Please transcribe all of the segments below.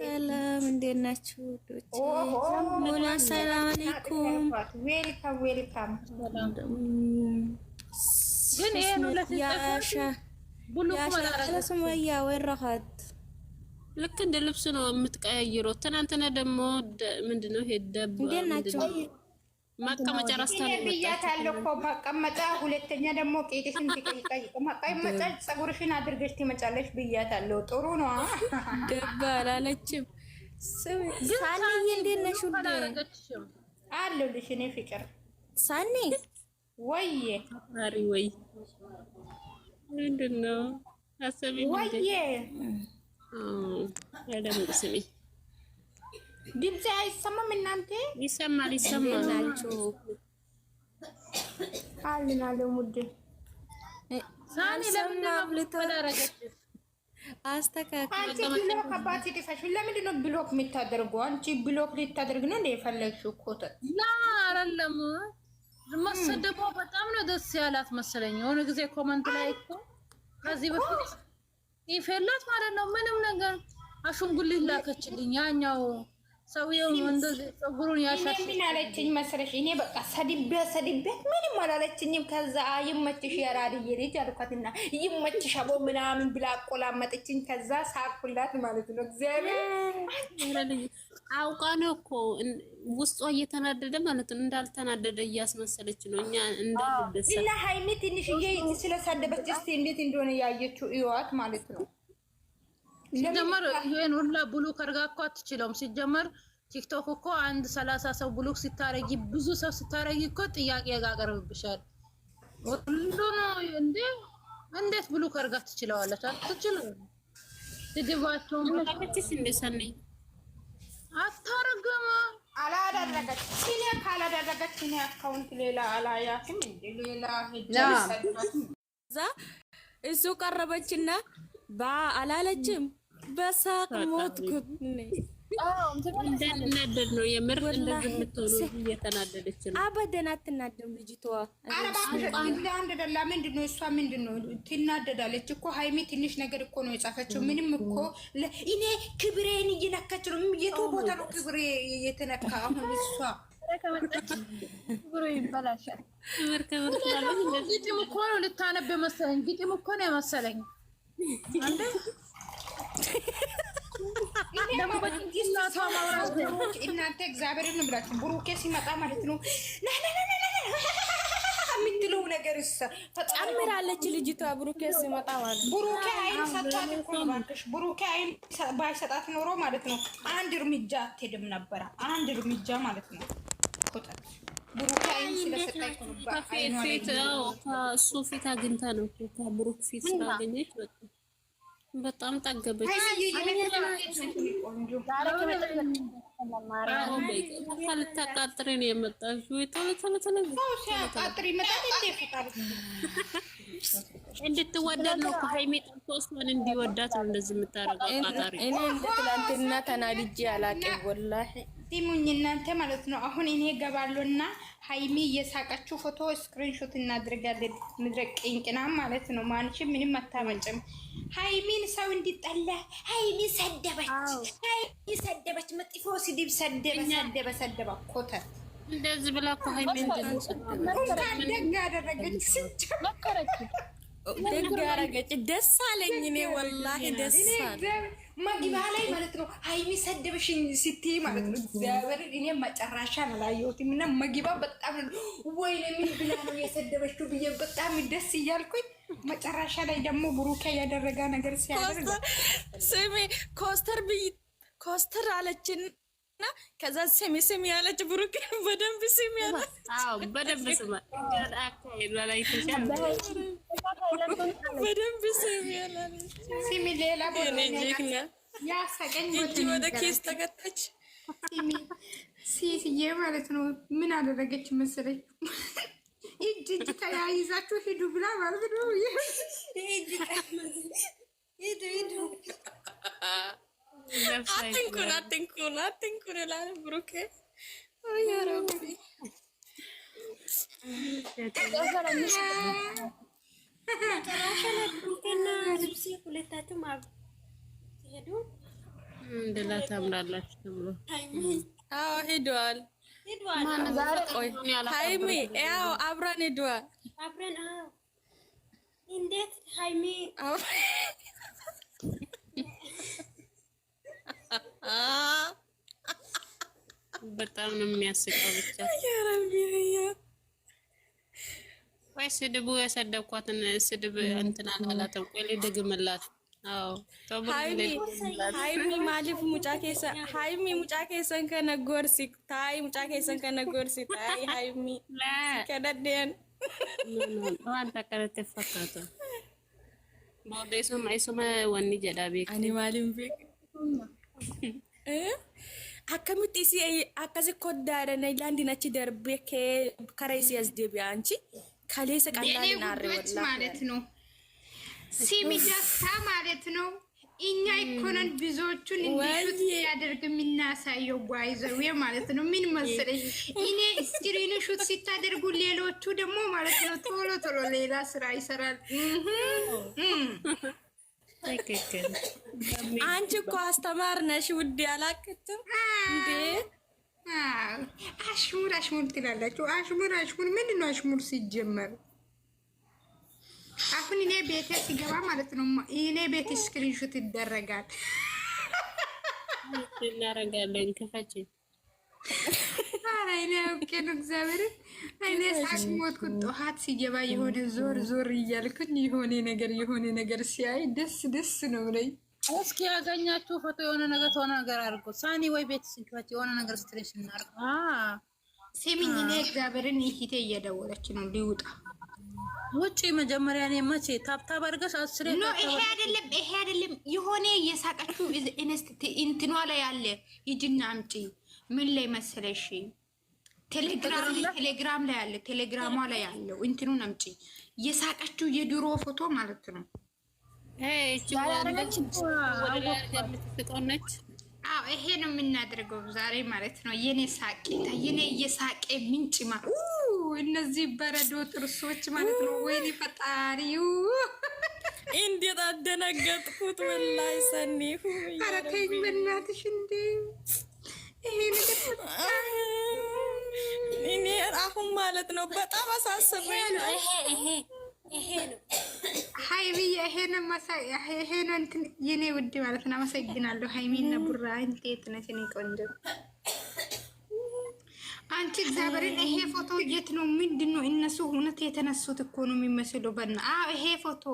ሰላም እንዴት ናችሁ? ዶች ሰላም አለይኩም። ሱመያ ወይራሃት ልክ እንደ ልብስ ነው የምትቀያይረው። ትናንትና ደግሞ ምንድን ነው ሄደ መቀመጫ ረስታለሁ ብያታለሁ እኮ መቀመጫ። ሁለተኛ ደግሞ ቄጤሽን ትቀይቀይቅ መቀመጫ ፀጉርሽን አድርገሽ ትመጫለሽ ብያታለሁ። ጥሩ ነው። ገባ አላለችም። ሳኒ እንዴት ነሽ? አለሁልሽ እኔ ፍቅር ሳኒ። ወይዬ አሪ ወይ ምንድን ነው አሰቢ ወይዬ አለምቁ ስሚ ድምፄ አይሰማም? እናንተ ይሰማል፣ ይሰማል ናችሁ አልና ለሙድ ሳኒ አባቴ ጥፋሽ። ብሎክ አንቺ ብሎክ ልታደርግ ነው የፈለግሽው በጣም ነው ደስ ያላት መሰለኝ። የሆነ ጊዜ ኮመንት ላይ እኮ ከዚህ በፊት ይፈላት ማለት ነው ምንም ነገር አሽንጉሊት ላከችልኝ ያኛው ሰውየው እንደዚህ ፀጉሩን ያሻሽ ምን አለችኝ መሰለሽ? እኔ በቃ ሰድቤያት ሰድቤያት ምንም አላለችኝም። ከዛ ይመችሽ የራድዬ ልጅ አልኳትና ይመችሽ አቦ ምናምን ብላ አቆላመጠችኝ። ከዛ ሳቅሁላት ማለት ነው። እግዚአብሔር አውቃ ነው እኮ ውስጧ እየተናደደ ማለት ነው። እንዳልተናደደ እያስመሰለች ነው። እኛ እንዳልደሰ ሀይሚ ትንሽዬ ስለሳደበች እስኪ እንዴት እንደሆነ ያየችው እዩዋት ማለት ነው። ሲጀመር ይሄን ሁላ ብሎክ አድርጋ እኮ አትችለውም። ሲጀመር ቲክቶክ እኮ አንድ ሰላሳ ሰው ብሎክ ስታረጊ ብዙ ሰው ስታረጊ እኮ ጥያቄ ያቀርብብሻል። ሁሉ ነው እንዴ! እንዴት ብሎክ አድርጋ ትችለዋለች? አትችልም። ስድባቸው አታረገማ አላደረገች ሌላ አላያትም እሱ ቀረበችና በአላለችም በሳቅ ሞትኩት። እንዳልናደድ ነው የምር እንደዚህ የምትሆኑ እየተናደደች ነው። አበደን አትናደም ልጅቷ። አንደደላ ምንድን ነው እሷ ምንድን ነው ትናደዳለች እኮ ሀይሜ ትንሽ ነገር እኮ ነው የጻፈችው። ምንም እኮ እኔ ክብሬን እየነካች ነው። የቱ ቦታ ነው ክብሬ እየተነካ? አሁን እሷ ግጥም እኮ ነው ልታነብ መሰለኝ፣ ግጥም እኮ ነው የመሰለኝ እናቷ እናንተ እግዚአብሔርን ብላችሁ ብሩኬ ሲመጣ ማለት ነው የምትለው ነገር ጨምራለች ልጅቷ። ብሩኬ ሲመጣ ማለት ብሩኬ አይን ሰጣት እኮ እባክሽ። ብሩኬ አይን ባይሰጣት ኖሮ ማለት ነው አንድ እርምጃ አትሄድም ነበረ። አንድ እርምጃ ማለት ነው ብሩኬ አይን ስለሰጣት ነው። እሱ ፊት አግኝታ ነው ብሩክ ፊት ስላገኘች በጣም ጠገበች። ልታቃጥሪ ነው የመጣችው። እንድትወደድ ነው ሀይሜ ጠርቶስን እንዲወዳት ነው እንደዚህ የምታደርገው። እኔ እንደ ትናንትና ተናድጄ አላውቅም ወላሂ ጢሙኝ እናንተ ማለት ነው። አሁን እኔ ገባለሁና ሀይሚ እየሳቀችው ፎቶ ስክሪንሾት እናድርጋለን። ምድረቅ ቅንቅና ማለት ነው። ማንሽ ምንም አታመጭም። ሀይሚን ሰው እንዲጠላ ሀይሚ ሰደበች፣ ሀይሚ ሰደበች፣ መጥፎ ስድብ ሰደበ፣ ሰደበ ኮተ እንደዚህ ብላ እኮ ሀይሚ ደግ አደረገች፣ ደግ አደረገች። ደስ አለኝ እኔ ወላሂ ደስ አለ መግቢያ ላይ ማለት ነው ሀይሚ ሰደበሽኝ ስትይ ማለት ነው እግዚአብሔር እኔ መጨረሻ አላየሁትም እና መግቢያ በጣም ወይኔ ምን ብላ ነው የሰደበችው ብዬ በጣም ደስ እያልኩኝ መጨረሻ ላይ ደግሞ ብሩኬ ያደረጋ ነገር ሲያደርግ ስሜ ኮስተር ብይ ኮስተር አለችን። እና ከዛ ስሚ ስሚ ያለች ብሩክ በደንብ ስሚ ያለች ወደ ኬስ ተገጠች። ሲስዬ ማለት ነው። ምን አደረገች መሰለኝ? እጅ እጅ ተያይዛችሁ ሂዱ ብላ ማለት ነው። አትንኩን አትንኩን አትንኩን እላለሁ። ብሩኬ ሄደዋል። ሃይሚ ያው አብረን ሄደዋል። Betul memiasik ya, awak tu. Ayah ramai ayat. Wah sedap ya, sedap kuat dan sedap antena alat tu. Kali degi melat. Aau. mi, hai mi malu pun muka kesan. mi muka kesan kena gursi. Hai muka kesan kena gursi. Hai hai mi. Nah. Kena dian. Nono, awak tak kena tefak tu. Mau wanita dah bik. Ani malu bik. akkamitti isii akkasi koddaadha Nayilaandi nachi darbee kee karaa isii as deebi'a anchi kaleessa qallaan naarre wallaahi ማለት ነው ሲሚዳሳ ማለት ነው እኛ ኢኮኖን ብዙዎቹን እንዲሹት ያደርግ የምናሳየው ጓይዘዌ ማለት ነው። ምን መሰለኝ እኔ ስክሪን ሹት ሲታደርጉ ሌሎቹ ደግሞ ማለት ነው ቶሎ ቶሎ ሌላ ስራ ይሰራል። አንቺ እኮ አስተማር ነሽ ውድ ያላክትም እንዴ? አሽሙር አሽሙር ትላላችሁ። አሽሙር አሽሙር ምን ነው አሽሙር ሲጀመር? አሁን እኔ ቤት ሲገባ ማለት ነው እኔ ቤት ስክሪንሹት ይደረጋል። እናረጋለን ክፈች አይኔ አውቄ ነው እግዚአብሔርን አይኔ ሳቅ ሞትኩት። ጠዋት ሲገባ የሆነ ዞር ዞር እያልኩኝ የሆነ ነገር የሆነ ነገር ሲያይ ደስ ደስ ነው ብለኝ። እስኪ ያገኛችሁ ፎቶ የሆነ ነገር ተሆነ ነገር አድርጎ ሳኒ ወይ ቤት ስንክበት የሆነ ነገር ስትሬሽ እናርጉ። ስሚኝ እኔ እግዚአብሔርን ይሂቴ እየደወለች ነው ሊውጣ ውጭ መጀመሪያ እኔ መቼ ታብታብ አድርገሽ አስሬ ኖ ይሄ አይደለም ይሄ አይደለም የሆነ የሳቀችሁ እንትኗ ላይ ያለ ይጅና አምጪ ምን ላይ መሰለሽ ቴሌግራም ቴሌግራም ላይ አለ። ቴሌግራሟ ላይ ያለው እንትኑ ነምጪ የሳቀችው የድሮ ፎቶ ማለት ነው። አዎ ይሄ ነው የምናደርገው ዛሬ ማለት ነው። የኔ ሳቄታ የኔ የሳቄ ምንጭ ማለት እነዚህ በረዶ ጥርሶች ማለት ነው። ወይኔ ፈጣሪው እንዴት አደነገጥኩት! ወላይ ሰኔሁ ኧረ ተይኝ በእናትሽ እንዴ አልቻልኩም ማለት ነው። በጣም አሳስበኝ ይሄ ነው ሀይሚዬ፣ ይሄ ነው እንትን የኔ ውድ ማለት ነው። አመሰግናለሁ ሀይሚና ቡራ፣ እንዴት ነሽ የኔ ቆንጆ? አንቺ እግዚአብሔርን፣ ይሄ ፎቶ የት ነው? ምንድን ነው? እነሱ እውነት የተነሱት እኮ ነው የሚመስሉ። በና ይሄ ፎቶ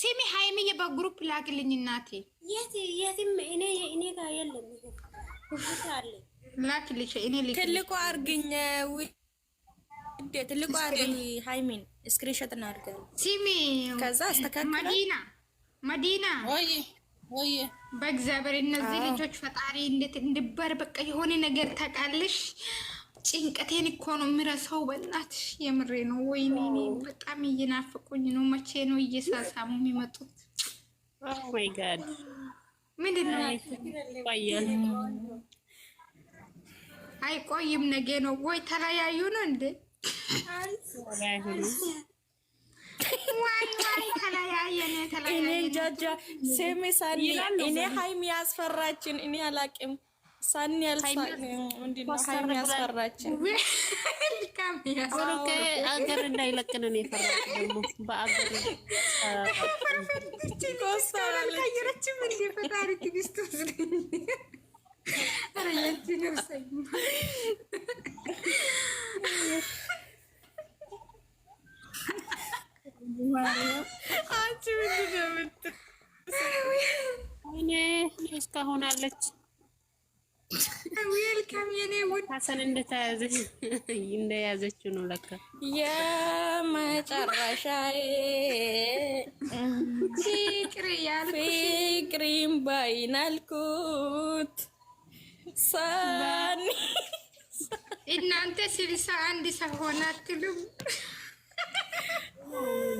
ሲሚ ሀይሚዬ፣ በግሩፕ ላክልኝ እናቴ። የትም እኔ ጋር የለም። ላክልሽ፣ እኔ ትልቁ አርግኝ ትልቁ ትልቋ ሃይሚን ስክሪንሾት እናድርጋለን። ሲሚ ከዛ አስተካክለ መዲና መዲና ወይ ወይ በእግዚአብሔር እነዚህ ልጆች ፈጣሪ እንዴት እንድበር በቃ የሆነ ነገር ታውቃለሽ። ጭንቀቴን እኮ ነው የምረሳው። በእናት የምሬ ነው። ወይኔ በጣም እየናፈቁኝ ነው። መቼ ነው እየሳሳሙ የሚመጡት? Oh ምንድን ነው አይቆይም። ነገ ነው ወይ ተለያዩ ነው እንዴ? እኔ ጃጃ ሴሚ ሳኒ እኔ ሀይሚ ያስፈራችን። እኔ አላቅም ሳኒ ሀይሚ ያስፈራችን። አገር እንዳይለቅን ነው የፈራች እስካሁን አለች። ዌልካም የኔ ውድ ሀሰን እንደተያዘች እንደያዘችው ነው ለካ የመጨረሻዬ ፍቅሪም ባይናልኩት ሳኒ እናንተ ስልሳ አንድ ሰው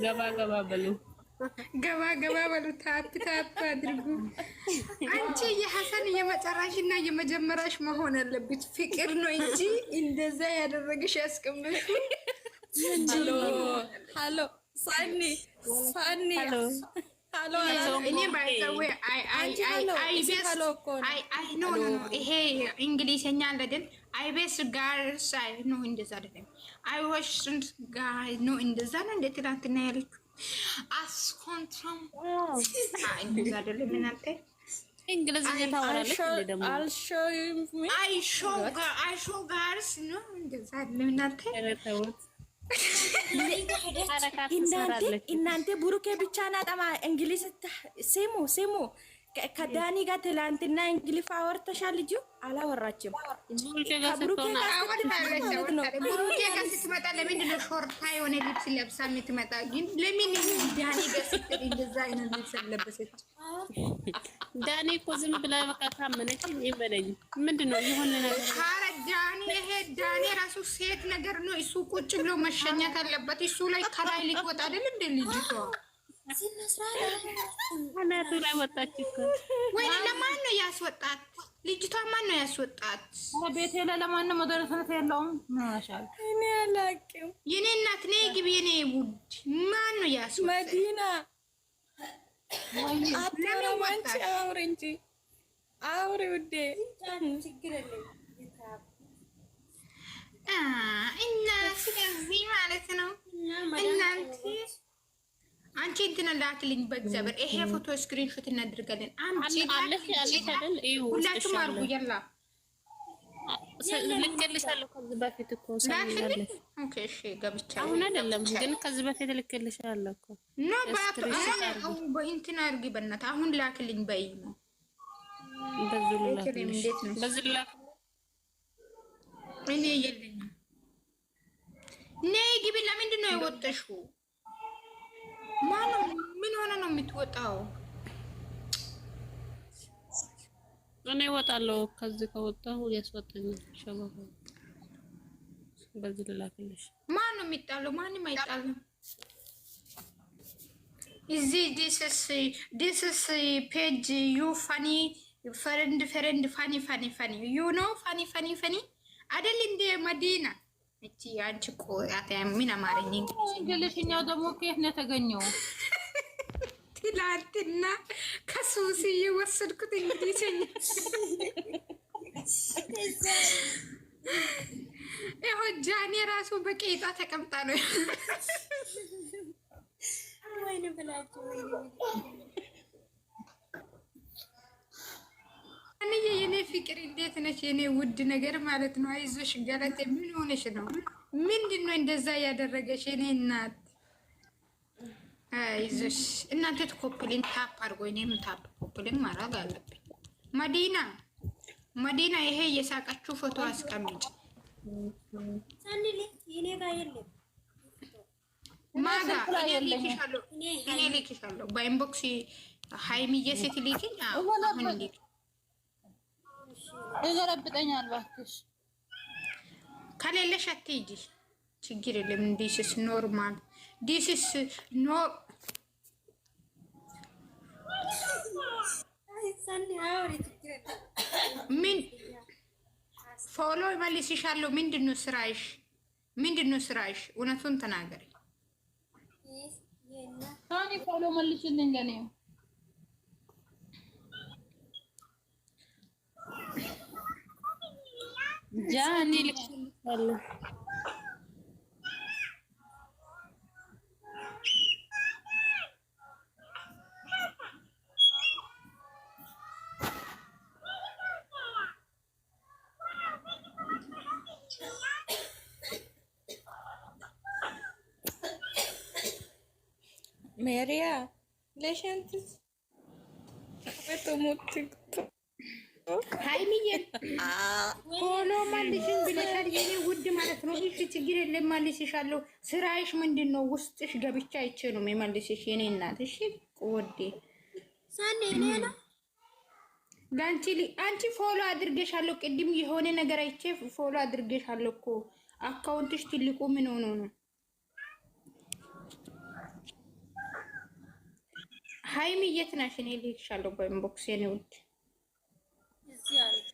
ገባ ገባ በሉ ገባ ገባ በሉ ታፕ ታፕ አድርጉ። አንቺ የሀሰን የመጨረሻሽ የመጀመሪያሽ መሆን አለብሽ። ፍቅር ነው እንጂ እንደዛ ያደረግሽ ያስቀምሽ። ሀሎ ሳኒ ሳኒ ይሄ እንግሊዝኛ አለድን አይቤስ ጋር ሳይ ነው እንደዛ አይደለም። አይወሽን ጋር ነው እንደዛ ነው እንደ ትናንትና ያለችው አስኮንትሮም እናንተ ብሩኬ ብቻ ናጠማ እንግሊዝ ስሙ ስሙ ከዳኒ ጋር ትላንትና እንግሊፍ አወርተሻል? ልጁ አላወራችም። ዳኒ ጋር እኮ ዝም ብላ በቃ ካመነች ይበለኝ። ምንድን ነው የሆነ ነገር ዳኒ ይሄ ዳኒ ራሱ ሴት ነገር ነው። እሱ ቁጭ ብሎ መሸኘት አለበት። እሱ ላይ ከላይ ሊወጣ አይደል እንደ ልጅቷ እናቱ ላይ ወጣች እኮ ወይ ለማን ነው ያስወጣት? ልጅቷ ማን ነው ያስወጣት? ቤቴ ላይ ለማንም ወደረሰነት የለውም። ምናሻል እኔ አላውቅም። የኔ እናት ነ ግቢ የኔ ውድ ማን ነው ያስወጣት? መዲና አውሪ እንጂ አውሪ ውዴ ችግር የለም አንቺ እንትን ላክልኝ በእግዚአብሔር ይሄ ፎቶ ስክሪን እናድርጋለን። አንቺ ሁላችሁም አድርጉ። የላ ነው ነይ ግቢ። ለምንድን ነው የወጠሽው? ማነው? ምን ሆነ ነው የምትወጣው? እኔ እወጣለሁ። ከዚህ ከወጣሁ ያስወጣኛል። ሸበሆ በዚህ ልላክልሽ። የሚጣለው? ማንም አይጣለም። እዚህ ዲስስ ፔጅ ዩ ፋኒ ፈረንድ ፈረንድ ፋኒ ፋኒ ፋኒ ዩ ፋኒ ፋኒ ፋኒ አደል እንደ መዲና እቺ አንቺ እኮ ምን አማርኝ እንግሊዝኛው ደግሞ ከየት ነው የተገኘው? ትላንትና ከሱሲ የወሰድኩት እንግሊዝኛ ይሁን። ጃኔ ራሱ በቄጧ ተቀምጣ ነው። ነሽ የኔ ውድ ነገር ማለት ነው። አይዞሽ ገለቴ፣ ምን ሆነሽ ነው? ምንድን ነው እንደዛ ያደረገሽ? የኔ እናት አይዞሽ። እናንተ ትኮፕልን ታፕ አድርጎ እኔም ታፕ ኮፕልን ማድረግ አለብኝ። መዲና መዲና፣ ይሄ የሳቀችው ፎቶ አስቀምጭ። ማጋ እኔ ልክሻለሁ፣ እኔ ልክሻለሁ። በኢንቦክስ ሀይሚዬ ሴት ልኪኝ። አሁን ልክ እገለብጠኛል እባክሽ። ከሌለሽ አትሄጂ፣ ችግር የለም። ዲስስ ኖርማል ዲስስ ኖ ምን ፎሎ መልስሻለሁ። ምንድን ነው ስራሽ? ምንድን ነው ስራሽ? እውነቱን ተናገሪ። ፎሎ መልሽልኝ ገኔ ጃ እኔ ልክልሻለሁ። ሜሪያ ለሸንት ሀይሚዬ ቶሎ ማልሽን ብለሻል። የኔ ውድ ማለት ነው። እሺ ችግር የለም ማልሽሻለሁ። ስራሽ ምንድን ነው? ውስጥሽ ገብቼ አይችሉም የማልሽሽ የኔ እናት። እሺ ወዴ ጋንቺ አንቺ ፎሎ አድርጌሻለሁ። ቅድም የሆነ ነገር አይቼ ፎሎ አድርጌሻለሁ እኮ አካውንትሽ ትልቁ ምን ሆኖ ነው? ሀይሚ የት ናሽ? እኔ ልክሻለሁ በኢንቦክስ የኔ ውድ 这样。